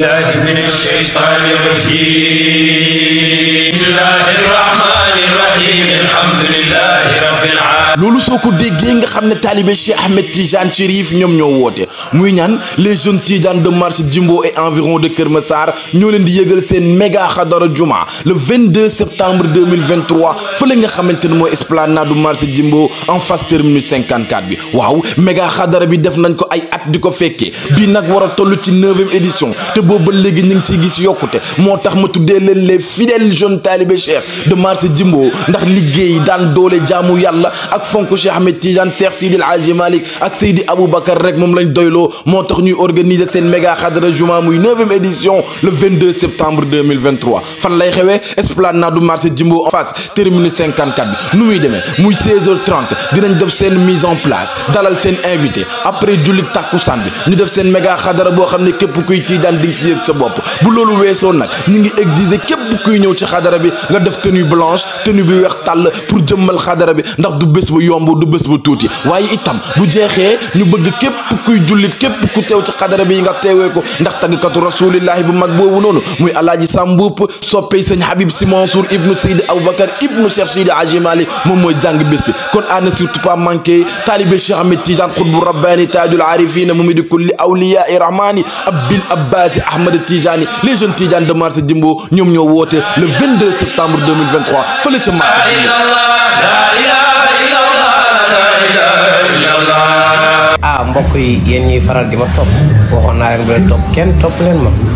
الله من الشيطان الرجيم بسم الله الرحمن الرحيم الحمد لله رب العالمين loolu soo ko déggee nga xam ne taalibe Cheikh Ahmed Tidiane Chérif ñoom ñoo woote muy ñaan les jeunes Tidiane de marché Jimbo et environ de Kër Massar ñoo leen di yëgal seen méga xadara juma le 22 septembre 2023 fële nga xamante ne mooy esplanade du marché Jimbo en face terminus 54 bi waaw méga xadara bi def nañ ko ay at di ko fekkee bii nag war a toll ci neuvième édition te boobu ba léegi ñu ngi ciy gis yokkute moo tax ma tuddee leen les fidèles jeunes taalibe Cheikh de marché Jimbo ndax liggéey daan doole jaamu yàlla ak fonk Cheikh Ahmed Tidiane Cheikh sidil El malik ak ak abou Aboubacar rek mom lañ doylo motax ñuy organiser sen méga khadra juma muy neuvième édition le 22 septembre 2023 fan lay xewé esplanade du marché djimbo en face terminus 54 nu muy démé muy 16h30 dinañ def sen mise en place dalal sen invité après djulit tàkkusaan bi ñu def sen méga khadra bo xamné képp kuy Tidiane di ci yëg sa bop bu lolu weesoo nak ñi ngi exiger képp kuy ñëw ci khadra bi nga def tenue blanche tenue bi weex tal pour djëmmal khadra bi ndax du bëss bu yomb du bés bu tuuti waaye itam bu jeexee ñu bëgg képp kuy jullit képp ku teew ci xadara bi nga teewee ko ndax tàggkatu rasulillahi bu mag boobu noonu muy alaaji Sambuup soppey sëñ Habib Sy Mansour ibnu Seydi Aboubacar ibnu Cheikh Seydi Aji Mali moom mooy jàng bés bi kon à ne surtout pas manqué taalibe Cheikh Ahmed Tidiane xutbu rabbani taajul arifina mu mi di kulli awliyai rahmani abbil abbasi ahmad Tidiane les jeunes Tidiane de marché Jimbo ñoom ñoo woote le 22 septembre 2023 fële ca marché ah mbokk yi yéen ñuy faral di ma topp waxoon naa leen bu leen topp kenn topp leen ma